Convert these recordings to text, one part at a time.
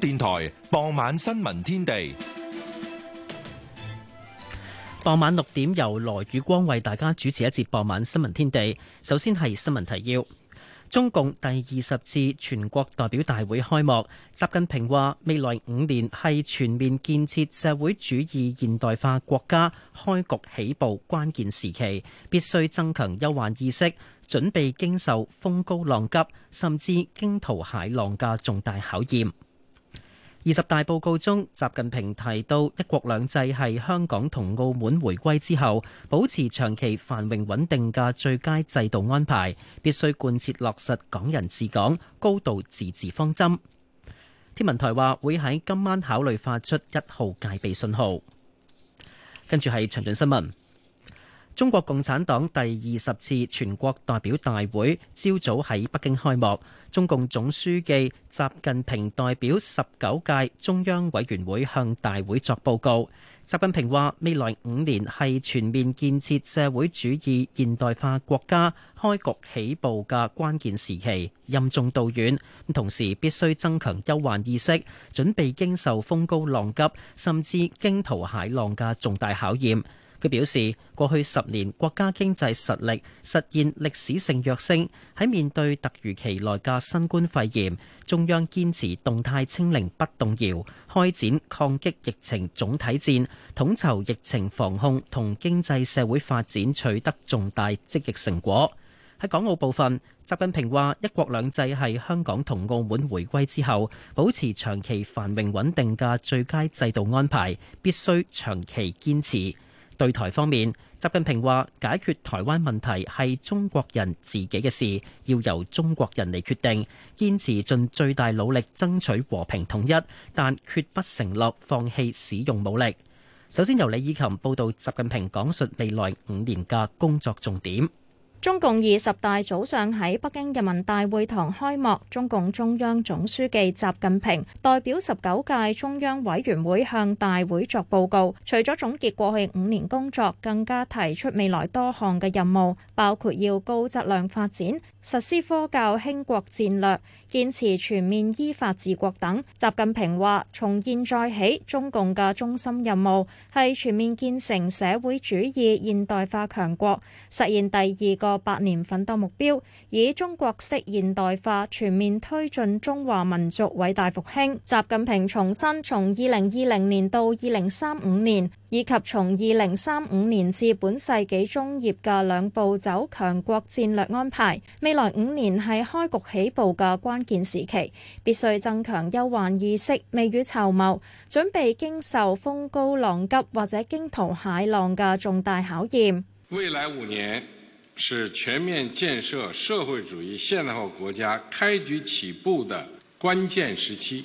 電台傍晚新聞天地，傍晚六點由羅宇光為大家主持一節傍晚新聞天地。首先係新聞提要：中共第二十次全國代表大會開幕，習近平話未來五年係全面建設社會主義現代化國家開局起步關鍵時期，必須增強憂患意識，準備經受風高浪急甚至驚濤駭浪嘅重大考驗。二十大報告中，習近平提到一國兩制係香港同澳門回歸之後保持長期繁榮穩定嘅最佳制度安排，必須貫徹落實港人治港、高度自治方針。天文台話會喺今晚考慮發出一號戒備信號。跟住係詳盡新聞。中國共產黨第二十次全國代表大會朝早喺北京開幕，中共總書記習近平代表十九屆中央委員會向大會作報告。習近平話：未來五年係全面建設社會主義現代化國家開局起步嘅關鍵時期，任重道遠。同時，必須增強憂患意識，準備經受風高浪急甚至驚濤駭浪嘅重大考驗。表示過去十年國家經濟實力實現歷史性躍升。喺面對突如其來嘅新冠肺炎，中央堅持動態清零不動搖，開展抗擊疫情總體戰，統籌疫情防控同經濟社會發展，取得重大積極成果。喺港澳部分，習近平話一國兩制係香港同澳門回歸之後保持長期繁榮穩定嘅最佳制度安排，必須長期堅持。對台方面，習近平話：解決台灣問題係中國人自己嘅事，要由中國人嚟決定，堅持盡最大努力爭取和平統一，但決不承諾放棄使用武力。首先由李以琴報道習近平講述未來五年嘅工作重點。中共二十大早上喺北京人民大會堂開幕，中共中央總書記習近平代表十九屆中央委員會向大會作報告，除咗總結過去五年工作，更加提出未來多項嘅任務，包括要高質量發展。實施科教興國戰略，堅持全面依法治國等。習近平話：從現在起，中共嘅中心任務係全面建成社會主義現代化強國，實現第二個百年奮鬥目標，以中國式現代化全面推進中華民族偉大復興。習近平重申，從二零二零年到二零三五年，以及從二零三五年至本世紀中葉嘅兩步走強國戰略安排，未來五年係開局起步嘅關鍵時期，必須增強憂患意識，未雨綢繆，準備經受風高浪急或者驚濤駭浪嘅重大考驗。未來五年是全面建設社會主義現代化國家開局起步的關鍵時期。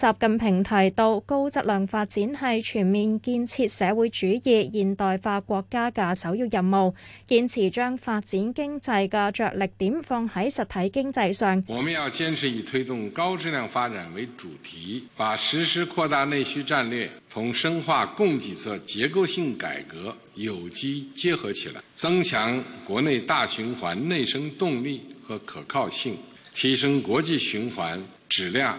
習近平提到，高質量發展係全面建設社會主義現代化國家嘅首要任務，堅持將發展經濟嘅着力點放喺實體經濟上。我們要堅持以推動高質量發展為主題，把實施擴大內需戰略同深化供給側結構性改革有機結合起來，增強國內大循環內生動力和可靠性，提升國際循環質量。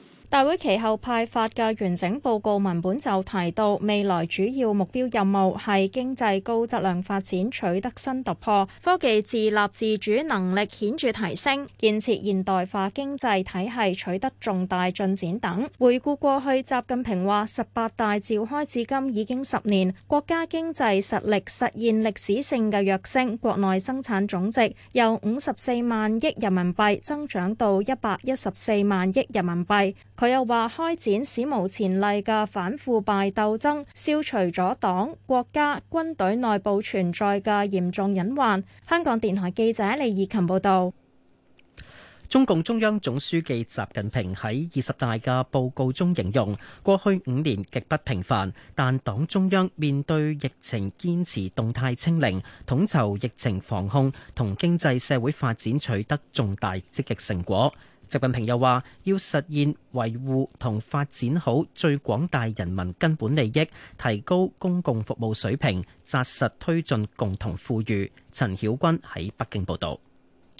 大會其後派發嘅完整報告文本就提到，未來主要目標任務係經濟高質量發展取得新突破，科技自立自主能力顯著提升，建設現代化經濟體系取得重大進展等。回顧過去，習近平話十八大召開至今已經十年，國家經濟實力實現歷史性嘅躍升，國內生產總值由五十四萬億人民幣增長到一百一十四萬億人民幣。佢又話：開展史無前例嘅反腐敗鬥爭，消除咗黨、國家、軍隊內部存在嘅嚴重隱患。香港電台記者李怡琴報道，中共中央總書記習近平喺二十大嘅報告中形容，過去五年極不平凡，但黨中央面對疫情堅持動態清零，統籌疫情防控同經濟社會發展取得重大積極成果。習近平又話，要實現維護同發展好最廣大人民根本利益，提高公共服務水平，扎實推進共同富裕。陳曉君喺北京報道。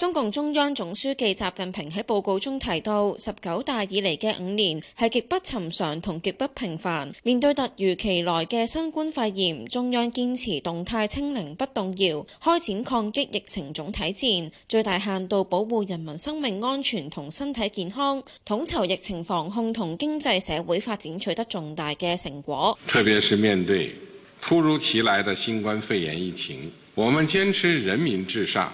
中共中央總書記習近平喺報告中提到，十九大以嚟嘅五年係極不尋常同極不平凡。面對突如其來嘅新冠肺炎，中央堅持動態清零，不動搖，開展抗擊疫情總體戰，最大限度保護人民生命安全同身體健康，統籌疫情防控同經濟社會發展，取得重大嘅成果。特別是面對突如其來的新冠肺炎疫情，我們堅持人民至上。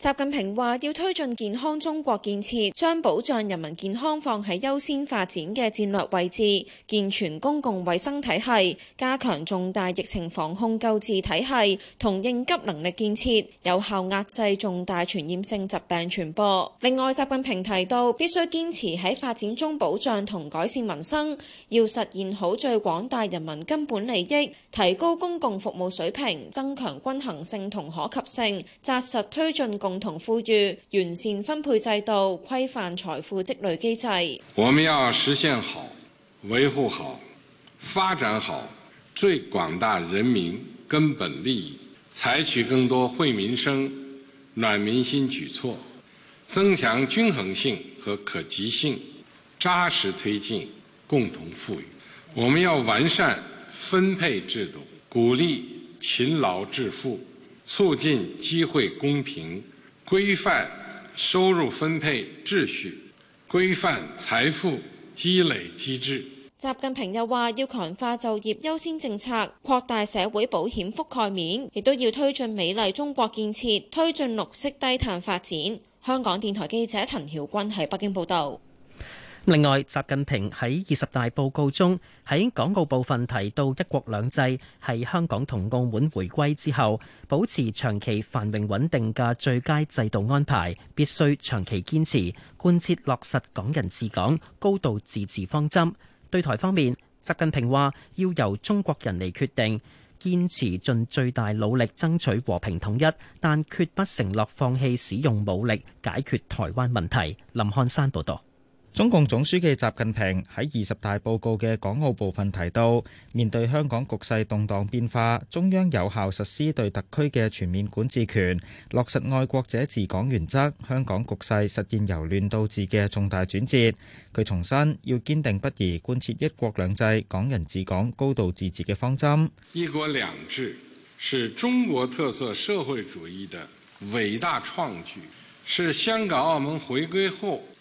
習近平話要推進健康中國建設，將保障人民健康放喺優先發展嘅戰略位置，健全公共衛生體系，加強重大疫情防控救治體系同應急能力建設，有效遏制重大傳染性疾病傳播。另外，習近平提到必須堅持喺發展中保障同改善民生，要實現好最廣大人民根本利益，提高公共服務水平，增強均衡性同可及性，紮實推進共同富裕，完善分配制度，規範財富積累機制。 我們要實現好、維護好、發展好最廣大人民根本利益，採取更多惠民生、暖民心舉措，增強均衡性和可及性，扎實推進共同富裕。我們要完善分配制度，鼓勵勤勞致富，促進機會公平。規範收入分配秩序，規範財富積累機制。習近平又話要強化就業優先政策，擴大社會保險覆蓋面，亦都要推進美麗中國建設，推進綠色低碳發展。香港電台記者陳曉君喺北京報道。另外，習近平喺二十大報告中喺港澳部分提到，一國兩制係香港同澳門回歸之後保持長期繁榮穩定嘅最佳制度安排，必須長期堅持，貫徹落實港人治港、高度自治方針。對台方面，習近平話要由中國人嚟決定，堅持盡最大努力爭取和平統一，但決不承諾放棄使用武力解決台灣問題。林漢山報導。中共總書記習近平喺二十大報告嘅港澳部分提到，面對香港局勢動盪變化，中央有效實施對特區嘅全面管治權，落實愛國者治港原則，香港局勢實現由亂到治嘅重大轉折。佢重申，要堅定不移貫徹一國兩制、港人治港、高度自治嘅方針。一國兩制是中國特色社會主義的偉大創舉，是香港、澳門回歸後，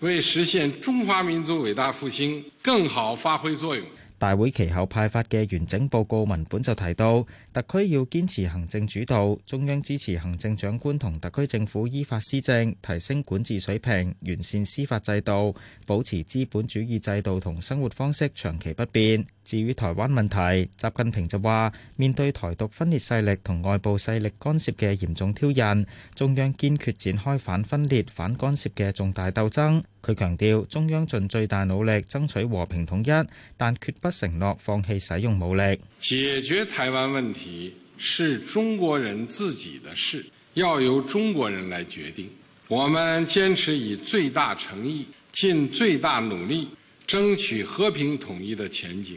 為實現中華民族偉大復興，更好發揮作用。大會其後派發嘅完整報告文本就提到，特區要堅持行政主導，中央支持行政長官同特區政府依法施政，提升管治水平，完善司法制度，保持資本主義制度同生活方式長期不變。至於台灣問題，習近平就話：面對台獨分裂勢力同外部勢力干涉嘅嚴重挑釁，中央堅決展開反分裂、反干涉嘅重大鬥爭。佢強調，中央盡最大努力爭取和平統一，但決不承諾放棄使用武力。解決台灣問題是中國人自己的事，要由中國人來決定。我們堅持以最大誠意、盡最大努力爭取和平統一的前景。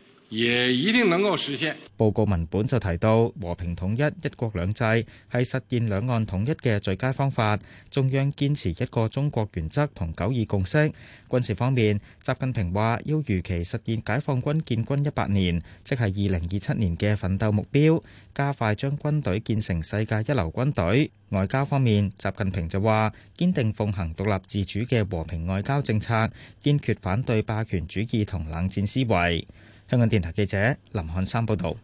也一定能夠實現。報告文本就提到，和平統一、一國兩制係實現兩岸統一嘅最佳方法。中央堅持一個中國原則同九二共識。軍事方面，習近平話要如期實現解放軍建軍一百年，即係二零二七年嘅奮鬥目標，加快將軍隊建成世界一流軍隊。外交方面，習近平就話堅定奉行獨立自主嘅和平外交政策，堅決反對霸權主義同冷戰思維。香港電台記者林漢山報道，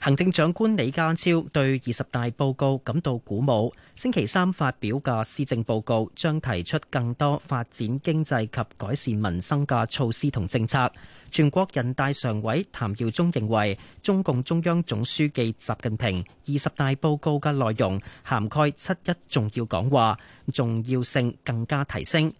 行政長官李家超對二十大報告感到鼓舞。星期三發表嘅施政報告將提出更多發展經濟及改善民生嘅措施同政策。全國人大常委譚耀宗認為，中共中央總書記習近平二十大報告嘅內容涵蓋七一重要講話，重要性更加提升。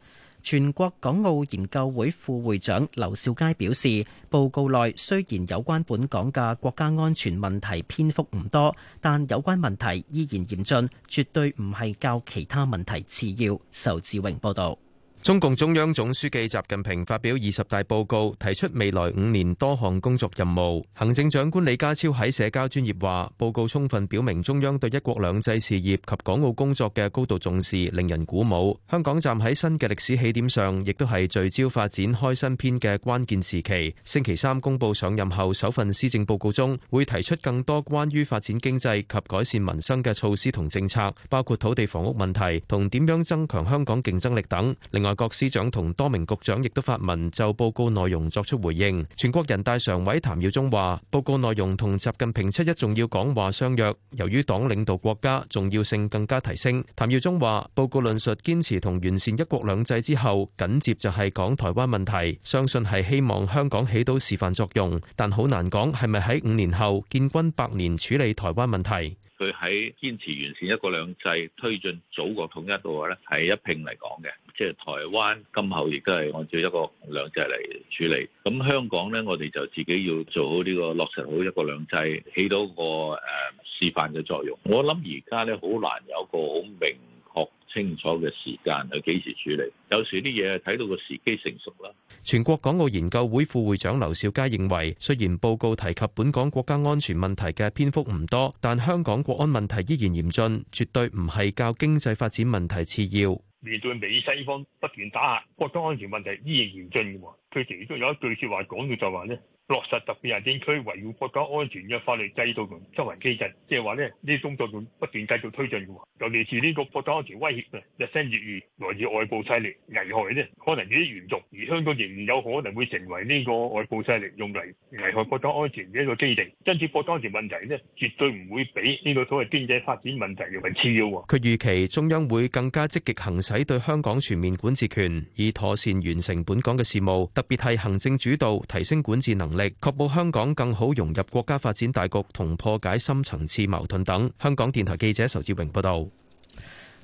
全國港澳研究會副會長劉兆佳表示，報告內雖然有關本港嘅國家安全問題篇幅唔多，但有關問題依然嚴峻，絕對唔係較其他問題次要。仇志榮報道。中共中央總書記習近平發表二十大報告，提出未來五年多項工作任務。行政長官李家超喺社交專業話：報告充分表明中央對一國兩制事業及港澳工作嘅高度重視，令人鼓舞。香港站喺新嘅歷史起點上，亦都係聚焦發展開新篇嘅關鍵時期。星期三公布上任後首份施政報告中，會提出更多關於發展經濟及改善民生嘅措施同政策，包括土地房屋問題同點樣增強香港競爭力等。另外，各司長同多名局長亦都發文就報告內容作出回應。全國人大常委譚耀宗話：報告內容同習近平七一重要講話相約，由於黨領導國家重要性更加提升。譚耀宗話：報告論述堅持同完善一國兩制之後，緊接就係講台灣問題，相信係希望香港起到示範作用，但好難講係咪喺五年後建軍百年處理台灣問題。佢喺堅持完善一國兩制推進、推進祖國統一度咧，係一并嚟講嘅。即係台灣，今後亦都係按照一國兩制嚟處理。咁香港呢，我哋就自己要做好呢個落實好一國兩制，起到個誒示範嘅作用。我諗而家呢好難有一個好明確清楚嘅時間去幾時處理。有時啲嘢係睇到個時機成熟啦。全國港澳研究會副會長劉兆佳認為，雖然報告提及本港國家安全問題嘅篇幅唔多，但香港國安問題依然嚴峻，絕對唔係較經濟發展問題次要。面對美西方不斷打壓，國家安，安全問題依然嚴峻嘅，佢其中有一句説話講嘅就話咧。落實特別行政區維護國家安全嘅法律制度同執行機制，即係話咧，呢啲工作仲不斷繼續推進嘅。尤其是呢個國家安全威脅日增月異，來自外部勢力危害咧，可能越嚟越嚴重。而香港仍有可能會成為呢個外部勢力用嚟危害國家安全嘅一個基地。因此，國家安全問題咧，絕對唔會比呢個所謂經濟發展問題嚟為次要。佢預期中央會更加積極行使對香港全面管治權，以妥善完成本港嘅事務，特別係行政主導提升管治能力。力確保香港更好融入國家發展大局同破解深層次矛盾等。香港電台記者仇志榮報導。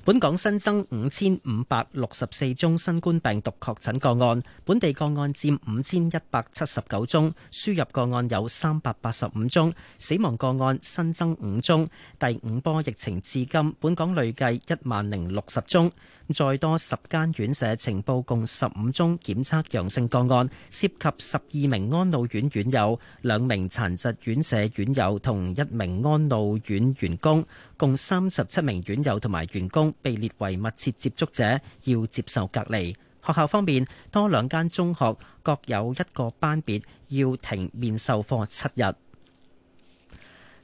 本港新增五千五百六十四宗新冠病毒確診個案，本地個案佔五千一百七十九宗，輸入個案有三百八十五宗，死亡個案新增五宗。第五波疫情至今，本港累計一萬零六十宗。再多十間院舍情報共十五宗檢測陽性個案，涉及十二名安老院院友、兩名殘疾院舍院友同一名安老院員工。共三十七名院友同埋員工被列為密切接觸者，要接受隔離。學校方面，多兩間中學各有一個班別要停面授課七日。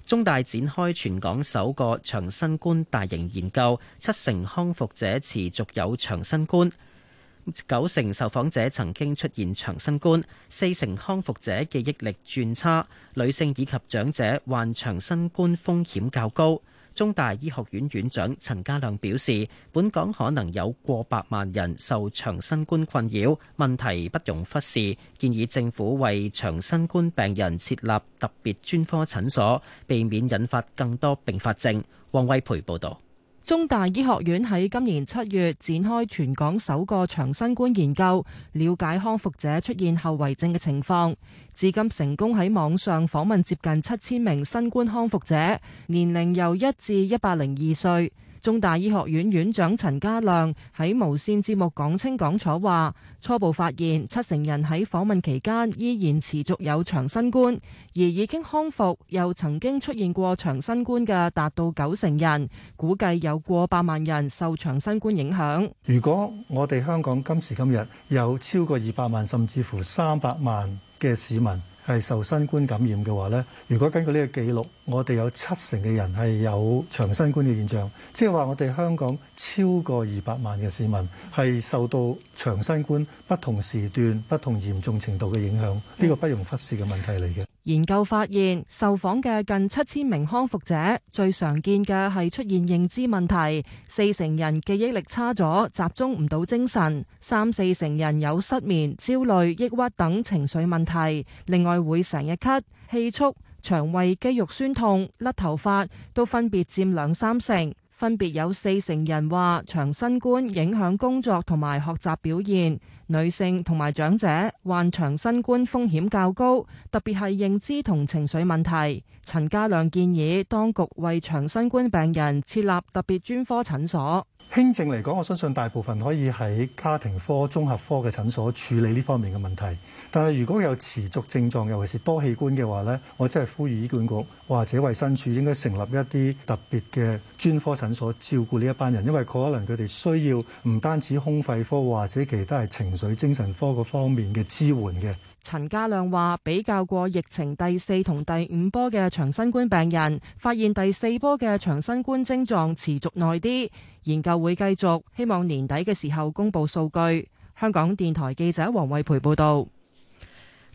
中大展開全港首個長新冠大型研究，七成康復者持續有長新冠，九成受訪者曾經出現長新冠，四成康復者記憶力轉差，女性以及長者患長新冠風險較高。中大醫學院院長陳家亮表示，本港可能有過百萬人受長新冠困擾，問題不容忽視，建議政府為長新冠病人設立特別專科診所，避免引發更多併發症。王惠培報道。中大醫學院喺今年七月展開全港首個長新冠研究，了解康復者出現後遺症嘅情況。至今成功喺網上訪問接近七千名新冠康復者，年齡由一至一百零二歲。中大醫學院院長陳家亮喺無線節目講清講楚話，初步發現七成人喺訪問期間依然持續有長新冠，而已經康復又曾經出現過長新冠嘅達到九成人，估計有過百萬人受長新冠影響。如果我哋香港今時今日有超過二百萬，甚至乎三百萬嘅市民。係受新冠感染嘅話呢，如果根據呢個記錄，我哋有七成嘅人係有長新冠嘅現象，即係話我哋香港超過二百萬嘅市民係受到長新冠不同時段、不同嚴重程度嘅影響，呢個不容忽視嘅問題嚟嘅。研究發現，受訪嘅近七千名康復者，最常見嘅係出現認知問題，四成人記憶力差咗，集中唔到精神，三四成人有失眠、焦慮、抑鬱等情緒問題。另外會成日咳、氣促、腸胃肌肉酸痛、甩頭髮，都分別佔兩三成。分別有四成人話長新冠影響工作同埋學習表現。女性同埋長者患長新冠風險較高，特別係認知同情緒問題。陳家亮建議當局為長新冠病人設立特別專科診所。輕症嚟講，我相信大部分可以喺家庭科、綜合科嘅診所處理呢方面嘅問題，但係如果有持續症狀，尤其是多器官嘅話咧，我真係呼籲醫管局或者衛生署應該成立一啲特別嘅專科診所照顧呢一班人，因為可能佢哋需要唔單止胸肺科，或者其他係情，喺精神科嗰方面嘅支援嘅。陳家亮話：比較過疫情第四同第五波嘅長新冠病人，發現第四波嘅長新冠症狀持續耐啲。研究會繼續，希望年底嘅時候公布數據。香港電台記者黃慧培報道。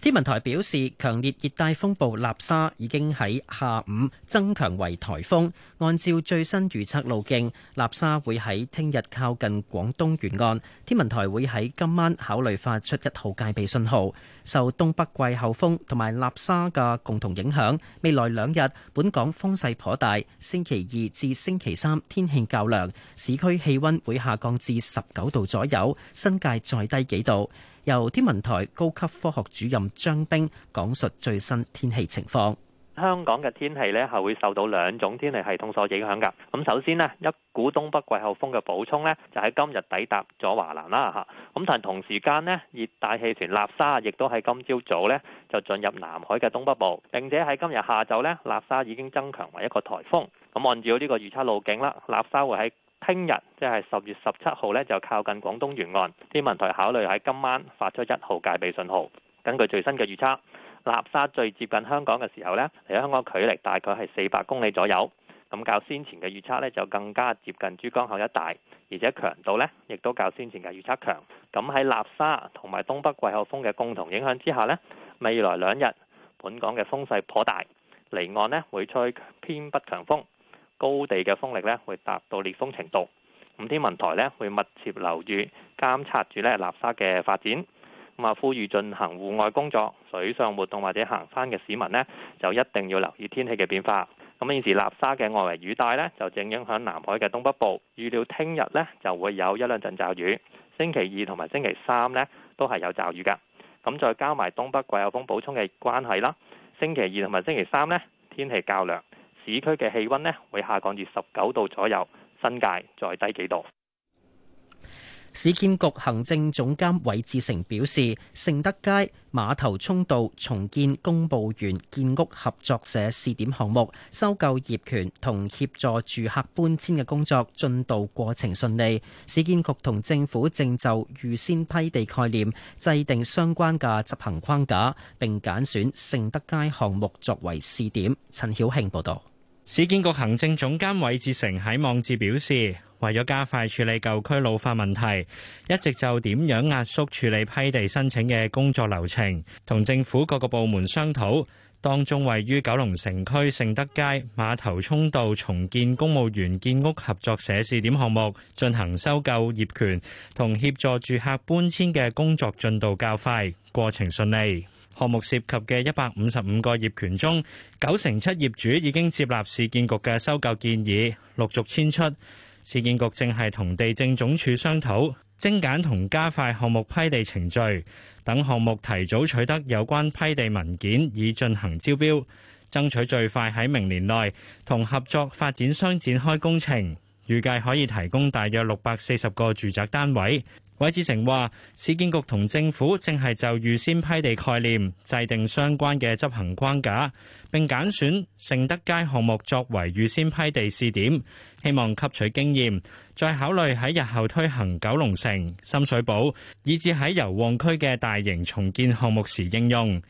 天文台表示，強烈熱帶風暴納沙已經喺下午增強為颱風，按照最新預測路徑，納沙會喺聽日靠近廣東沿岸。天文台會喺今晚考慮發出一號戒備信號，受東北季候風同埋納沙嘅共同影響，未來兩日本港風勢頗大。星期二至星期三天氣較涼，市區氣溫會下降至十九度左右，新界再低幾度。由天文台高級科學主任張冰講述最新天氣情況。香港嘅天氣咧係會受到兩種天氣系統所影響噶。咁首先咧，一股東北季候風嘅補充咧，就喺今日抵達咗華南啦吓。咁但係同時間咧，熱帶氣旋納沙亦都喺今朝早咧就進入南海嘅東北部，並且喺今日下晝咧，納沙已經增強為一個台風。咁按照呢個預測路徑啦，納沙會喺聽日即係十月十七號咧，就靠近廣東沿岸，天文台考慮喺今晚發出一號戒備信號。根據最新嘅預測，納沙最接近香港嘅時候呢，離香港距離大概係四百公里左右，咁較先前嘅預測呢，就更加接近珠江口一帶，而且強度呢亦都較先前嘅預測強。咁喺納沙同埋東北季候風嘅共同影響之下呢，未來兩日本港嘅風勢頗大，離岸呢會吹偏北強風。高地嘅風力咧會達到烈風程度，咁天文台咧會密切留意監察住咧納沙嘅發展，咁啊，呼籲進行戶外工作、水上活動或者行山嘅市民咧，就一定要留意天氣嘅變化。咁現時納沙嘅外圍雨帶咧就正影響南海嘅東北部，預料聽日咧就會有一兩陣驟雨，星期二同埋星期三咧都係有驟雨噶。咁再加埋東北季候風補充嘅關係啦，星期二同埋星期三咧天氣較涼。市區嘅氣温呢，會下降至十九度左右。新界再低幾度。市建局行政總監韋志成表示，盛德街馬頭涌道重建公務員建屋合作社試點項目，收購業權同協助住客搬遷嘅工作進度過程順利。市建局同政府正就預先批地概念制定相關嘅執行框架，並揀選盛德街項目作為試點。陳曉慶報導。市建局行政總監韋志成喺網誌表示，為咗加快處理舊區老化問題，一直就點樣壓縮處理批地申請嘅工作流程，同政府各個部門商討。當中位於九龍城區盛德街馬頭涌道重建公務員建屋合作社試點項目，進行收購業權同協助住客搬遷嘅工作進度較快，過程順利。項目涉及嘅一百五十五個業權中，九成七業主已經接納市建局嘅收購建議，陸續遷出。市建局正係同地政總署商討精簡同加快項目批地程序，等項目提早取得有關批地文件，以進行招標，爭取最快喺明年內同合作發展商展開工程，預計可以提供大約六百四十個住宅單位。韋志成話，市建局同政府正係就預先批地概念制定相關嘅執行框架，並揀選盛德街項目作為預先批地試點，希望吸取經驗，再考慮喺日後推行九龍城、深水埗，以至喺油旺區嘅大型重建項目時應用。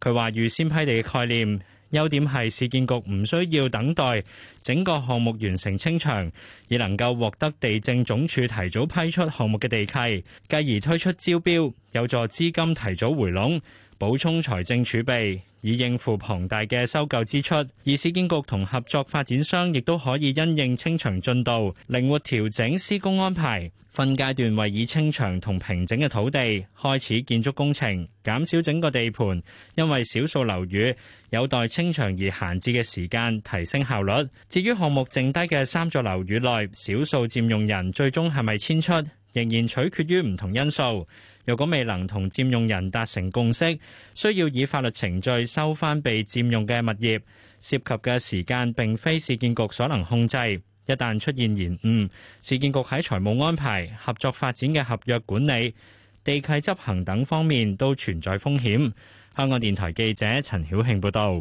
佢話預先批地嘅概念。優點係市建局唔需要等待整個項目完成清場，而能夠獲得地政總署提早批出項目嘅地契，繼而推出招標，有助資金提早回籠，補充財政儲備，以應付龐大嘅收購支出。而市建局同合作發展商亦都可以因應清場進度，靈活調整施工安排，分階段為已清場同平整嘅土地開始建築工程，減少整個地盤因為少數樓宇有待清場而閒置嘅時間，提升效率。至於項目剩低嘅三座樓宇內少數佔用人最終係咪遷出，仍然取決於唔同因素。若果未能同佔用人達成共識，需要以法律程序收翻被佔用嘅物業，涉及嘅時間並非市建局所能控制。一旦出現延誤，市建局喺財務安排、合作發展嘅合約管理、地契執行等方面都存在風險。香港電台記者陳曉慶報導。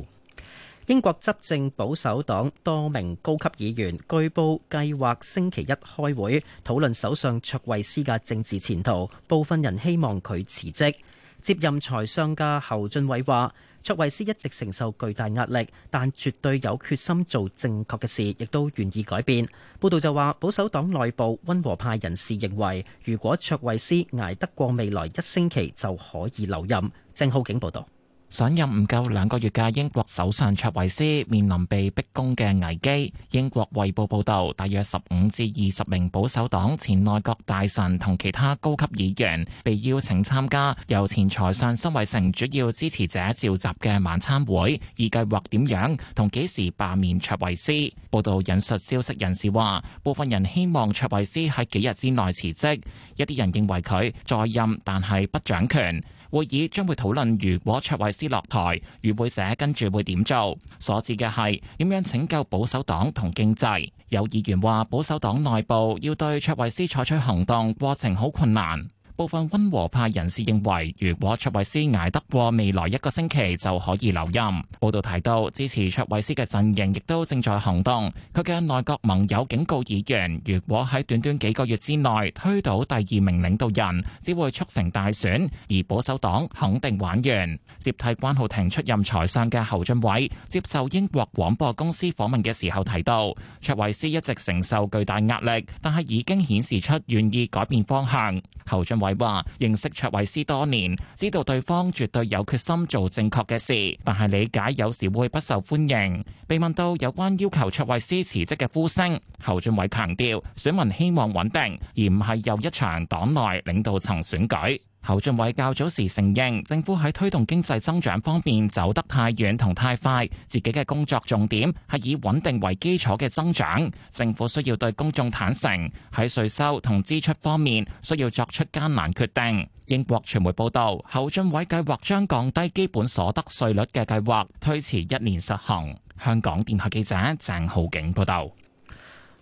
英國執政保守黨多名高級議員據報計劃星期一開會討論首相卓慧思嘅政治前途，部分人希望佢辭職。接任財相嘅侯俊偉話：卓慧思一直承受巨大壓力，但絕對有決心做正確嘅事，亦都願意改變。報道就話保守黨內部溫和派人士認為，如果卓慧思捱得過未來一星期，就可以留任。鄭浩景報道。上任唔夠兩個月嘅英國首相卓慧思面臨被逼宮嘅危機。英國《衛報》報導，大約十五至二十名保守黨前內閣大臣同其他高級議員被邀請參加由前財相辛偉誠主要支持者召集嘅晚餐會，而計劃點樣同幾時罷免卓慧思。報導引述消息人士話，部分人希望卓慧思喺幾日之內辭職，一啲人認為佢在任但係不掌權。會議將會討論如果卓慧斯落台，與會者跟住會點做？所指嘅係點樣拯救保守黨同經濟？有議員話保守黨內部要對卓慧斯採取行動，過程好困難。部分溫和派人士認為，如果卓偉斯捱得過未來一個星期，就可以留任。報道提到，支持卓偉斯嘅陣營亦都正在行動。佢嘅內閣盟友警告議員，如果喺短短幾個月之內推倒第二名領導人，只會促成大選，而保守黨肯定玩完。接替關浩庭出任財相嘅侯俊偉接受英國廣播公司訪問嘅時候提到，卓偉斯一直承受巨大壓力，但係已經顯示出願意改變方向。侯俊偉。佢話認識卓慧思多年，知道對方絕對有決心做正確嘅事，但係理解有時會不受歡迎。被問到有關要求卓慧思辭職嘅呼聲，侯俊偉強調，選民希望穩定，而唔係又一場黨內領導層選舉。侯俊偉較早時承認，政府喺推動經濟增長方面走得太遠同太快，自己嘅工作重點係以穩定為基礎嘅增長。政府需要對公眾坦誠，喺稅收同支出方面需要作出艱難決定。英國傳媒報道，侯俊偉計劃將降低基本所得稅率嘅計劃推遲一年實行。香港電台記者鄭浩景報道。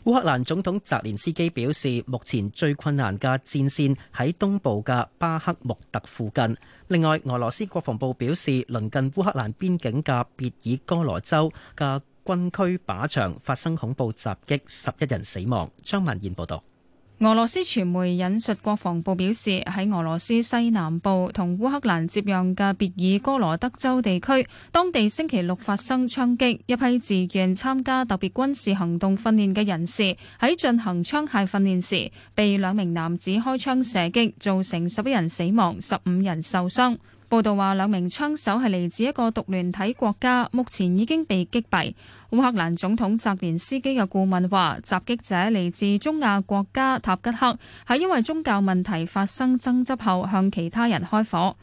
烏克蘭總統澤連斯基表示，目前最困難嘅戰線喺東部嘅巴克穆特附近。另外，俄羅斯國防部表示，鄰近烏克蘭邊境嘅別爾哥羅州嘅軍區靶，靶場發生恐怖襲擊，十一人死亡。張文賢報道。俄羅斯傳媒引述國防部表示，喺俄羅斯西南部同烏克蘭接壤嘅別爾哥羅德州地區，當地星期六發生槍擊，一批自願參加特別軍事行動訓練嘅人士喺進行槍械訓練時，被兩名男子開槍射擊，造成十一人死亡，十五人受傷。報道話，兩名槍手係嚟自一個獨聯體國家，目前已經被擊斃。烏克蘭總統澤連斯基嘅顧問話，襲擊者嚟自中亞國家塔吉克，係因為宗教問題發生爭執後向其他人開火。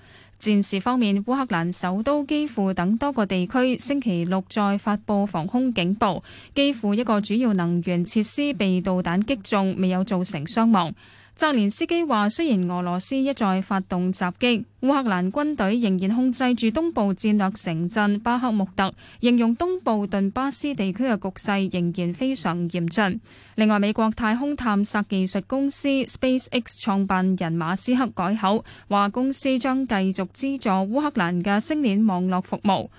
戰事方面，烏克蘭首都基輔等多個地區星期六再發佈防空警報，基輔一個主要能源設施被導彈擊中，未有造成傷亡。澤連斯基話：雖然俄羅斯一再發動襲擊，烏克蘭軍隊仍然控制住東部戰略城鎮巴克穆特，形容東部頓巴斯地區嘅局勢仍然非常嚴峻。另外，美國太空探索技術公司 SpaceX 創辦人馬斯克改口，話公司將繼續資助烏克蘭嘅星鏈網絡服務。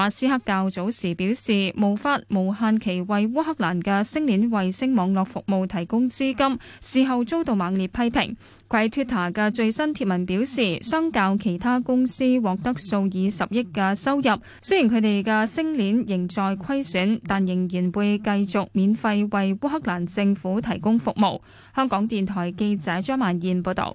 馬斯克較早時表示無法無限期為烏克蘭嘅星鏈衛星網絡服務提供資金，事後遭到猛烈批評。喺 Twitter 嘅最新貼文表示，相較其他公司獲得數以十億嘅收入，雖然佢哋嘅星鏈仍在虧損，但仍然會繼續免費為烏克蘭政府提供服務。香港電台記者張曼燕報導。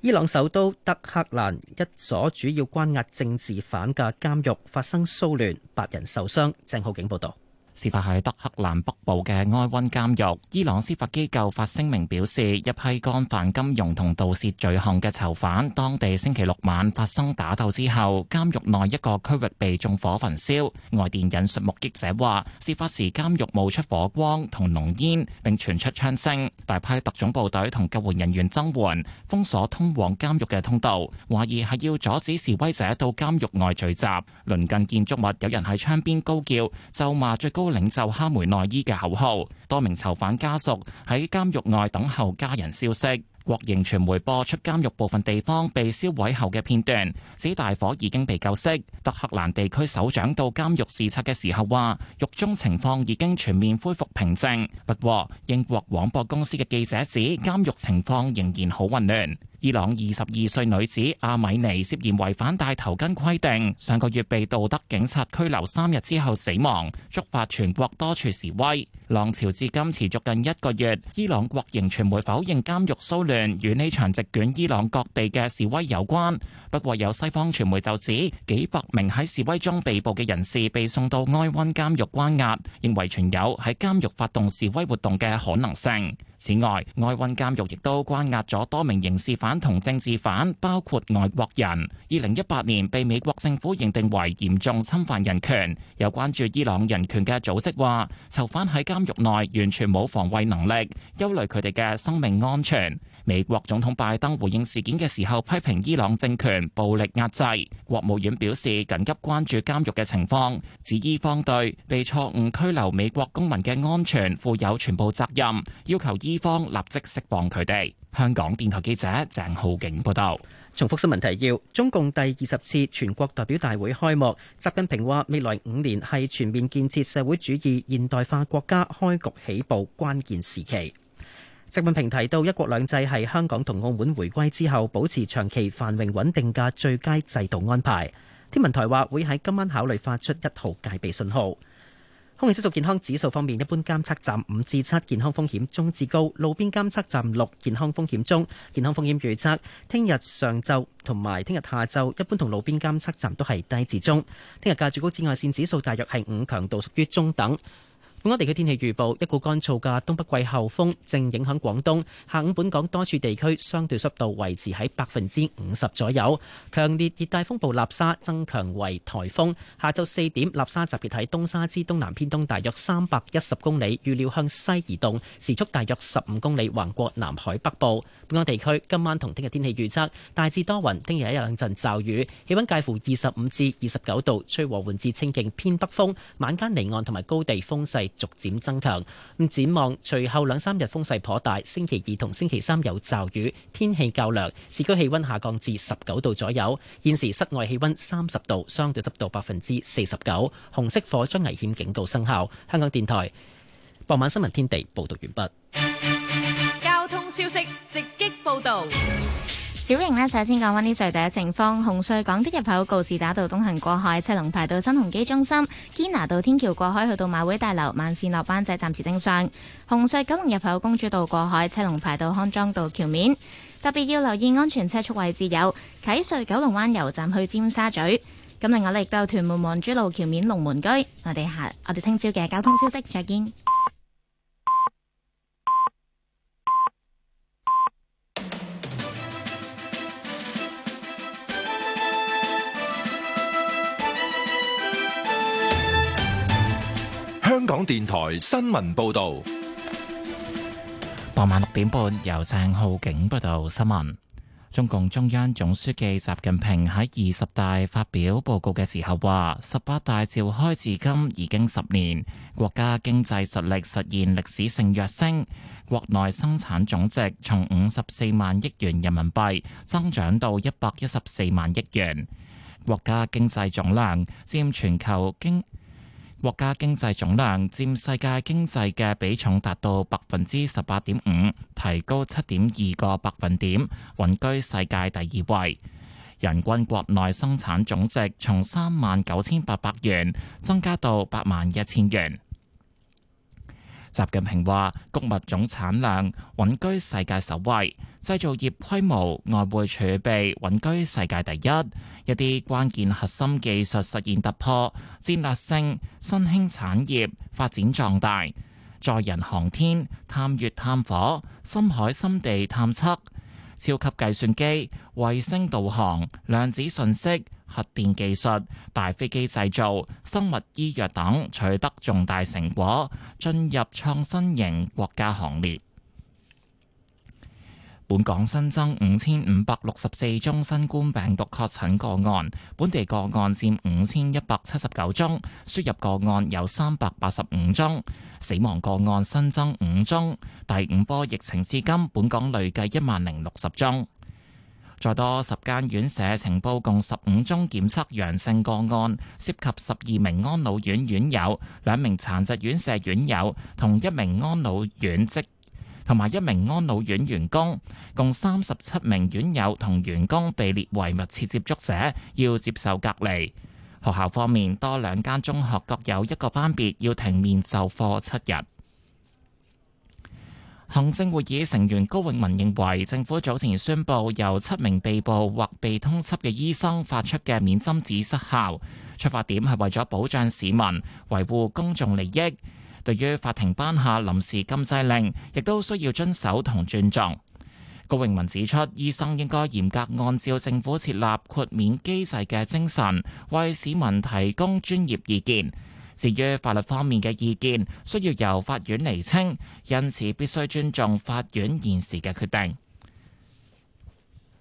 伊朗首都德黑蘭一所主要關押政治犯嘅監獄發生騷亂，八人受傷。鄭浩景報道。事發喺德黑蘭北部嘅埃溫監獄，伊朗司法機構發聲明表示，一批干犯金融同盜竊罪行嘅囚犯，當地星期六晚發生打鬥之後，監獄內一個區域被縱火焚燒。外電引述目擊者話，事發時監獄冒出火光同濃煙，並傳出槍聲。大批特種部隊同救援人員增援，封鎖通往監獄嘅通道，懷疑係要阻止示威者到監獄外聚集。鄰近建築物有人喺窗邊高叫，咒罵最高領袖哈梅內伊嘅口號，多名囚犯家屬喺監獄外等候家人消息。國營傳媒播出監獄部分地方被燒毀後嘅片段，指大火已經被救熄。德克蘭地區首長到監獄視察嘅時候話，獄中情況已經全面恢復平靜。不過，英國廣播公司嘅記者指，監獄情況仍然好混亂。伊朗二十二歲女子阿米尼涉嫌違反戴頭巾規定，上個月被道德警察拘留三日之後死亡，觸發全國多處示威浪潮，至今持續近一個月。伊朗國營傳媒否認監獄騷亂與呢場席捲伊朗各地嘅示威有關，不過有西方傳媒就指，幾百名喺示威中被捕嘅人士被送到埃溫監獄關押，認為存有喺監獄發動示威活動嘅可能性。此外，外運監獄亦都關押咗多名刑事犯同政治犯，包括外國人。二零一八年被美國政府認定為嚴重侵犯人權。有關注伊朗人權嘅組織話，囚犯喺監獄內完全冇防衛能力，憂慮佢哋嘅生命安全。美國總統拜登回應事件嘅時候，批評伊朗政權暴力壓制。國務院表示緊急關注監獄嘅情況，指伊方對被錯誤拘留美國公民嘅安全負有全部責任，要求伊方立即釋放佢哋。香港電台記者鄭浩景報道。重複新聞提要：中共第二十次全國代表大會開幕，習近平話未來五年係全面建設社會主義現代化國家開局起步關鍵時期。習近平提到，一國兩制係香港同澳門回歸之後保持長期繁榮穩定嘅最佳制度安排。天文台話會喺今晚考慮發出一號戒備信號。空氣質素健康指數方面，一般監測站五至七健康風險中至高，路邊監測站六健康風險中，健康風險預測聽日上晝同埋聽日下晝一般同路邊監測站都係低至中。聽日嘅最高紫外線指數大約係五，強度屬於中等。本港地區天氣預報，一股乾燥嘅東北季候風正影響廣東，下午本港多處地區相對濕度維持喺百分之五十左右。強烈熱帶風暴納沙增強為颱風。下晝四點納沙集結喺東沙之東南偏東大約三百一十公里，預料向西移動，時速大約十五公里，橫過南海北部。本港地區今晚同聽日天氣預測大致多雲，聽日有一兩陣驟雨，氣溫介乎二十五至二十九度，吹和緩至清勁偏北風，晚間離岸同埋高地風勢逐漸增強，展望隨後兩三日風勢頗大，星期二同星期三有驟雨，天氣較涼，市區氣溫下降至十九度左右。現時室外氣溫三十度，相對濕度百分之四十九，紅色火災危險警告生效。香港電台傍晚新聞天地報道完畢。交通消息直擊報道。小型呢，首先講返啲隧道嘅情況。紅隧港的入口告士打道東行過海，車龍排到新鴻基中心；堅拿道天橋過海去到馬會大樓，慢綫落班仔暫時正常。紅隧九龍入口公主道過海，車龍排到康莊道橋面。特別要留意安全車速位置有啟隧九龍灣油站去尖沙咀。咁另外亦都有屯門望珠路橋面龍門居。我哋下我哋聽朝嘅交通消息再見。香港電台新聞報道，傍晚六點半由鄭浩景報道新聞。中共中央總書記習近平喺二十大發表報告嘅時候話，十八大召開至今已經十年，國家經濟實力實現歷史性躍升，國內生產總值從五十四萬億元人民幣增長到一百一十四萬億元，國家經濟總量佔全球經。國家經濟總量佔世界經濟嘅比重達到百分之十八點五，提高七點二個百分點，穩居世界第二位。人均國內生產總值從三萬九千八百元增加到八萬一千元。習近平話：谷物總產量穩居世界首位，製造業規模、外匯儲備穩居世界第一，一啲關鍵核心技術實現突破，戰略性新興產業發展壯大，載人航天、探月探火、深海深地探測、超級計算機、衛星導航、量子信息。核電技術、大飛機製造、生物醫藥等取得重大成果，進入創新型國家行列。本港新增五千五百六十四宗新冠病毒確診個案，本地個案佔五千一百七十九宗，輸入個案有三百八十五宗，死亡個案新增五宗。第五波疫情至今，本港累計一萬零六十宗。再多十間院舍呈報共十五宗檢測陽性個案，涉及十二名安老院院友，兩名殘疾院舍院友同一名安老院職同埋一名安老院員工，共三十七名院友同員工被列為密切接觸者，要接受隔離。學校方面，多兩間中學各有一個班別要停面授課七日。行政會議成員高永文認為，政府早前宣布由七名被捕或被通緝嘅醫生發出嘅免針紙失效，出發點係為咗保障市民、維護公眾利益。對於法庭頒下臨時禁制令，亦都需要遵守同尊重。高永文指出，醫生應該嚴格按照政府設立豁免機制嘅精神，為市民提供專業意見。至於法律方面嘅意見，需要由法院釐清，因此必須尊重法院現時嘅決定。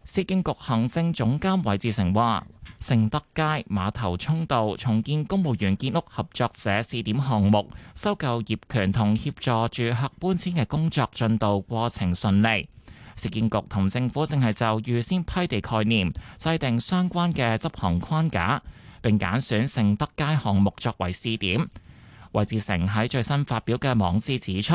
市建局行政總監韋志成話，盛德街馬頭涌道重建公務員建屋合作社試點項目，收購業權同協助住客搬遷嘅工作進度過程順利。市建局同政府正係就預先批地概念，制定相關嘅執行框架。並揀選盛德街項目作為試點。韋志成喺最新發表嘅網誌指出，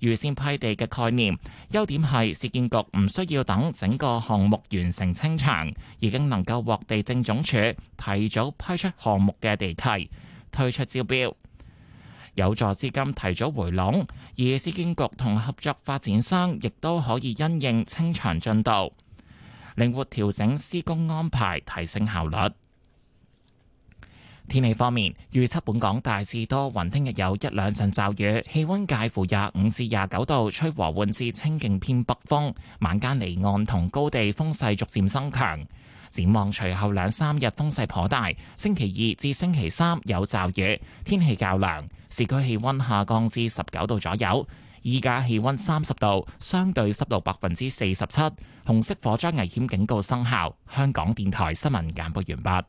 預先批地嘅概念優點係，市建局唔需要等整個項目完成清場，已經能夠獲地政總署提早批出項目嘅地契，推出招標，有助資金提早回籠，而市建局同合作發展商亦都可以因應清場進度，靈活調整施工安排，提升效率。天氣方面，預測本港大致多雲，聽日有一兩陣驟雨，氣溫介乎廿五至廿九度，吹和緩至清勁偏北風。晚間離岸同高地風勢逐漸增強。展望隨後兩三日風勢頗大，星期二至星期三有驟雨，天氣較涼，市區氣溫下降至十九度左右，而家氣溫三十度，相對濕度百分之四十七，紅色火災危險警告生效。香港電台新聞簡報完畢。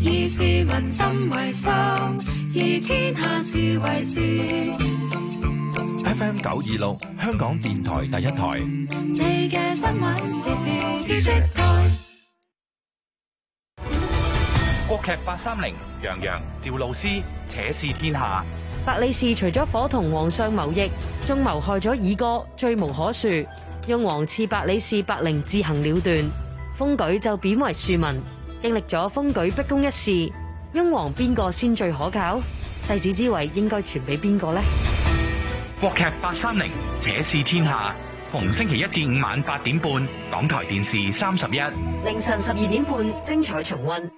以市民心為心，以天下事為事。FM 九二六，香港電台第一台。你嘅新聞時事知識台。國劇八三零，楊洋、趙露思，且試天下。白理氏除咗伙同皇上謀逆，仲謀害咗爾哥，罪無可恕，用皇賜白理氏白靈自行了斷，封舉就貶為庶民。經歷咗封舉不公一事，雍王邊個先最可靠？世子之位應該傳俾邊個呢？國劇《八三零》，且試天下，逢星期一至五晚八點半，港台電視三十一，凌晨十二點半，精彩重溫。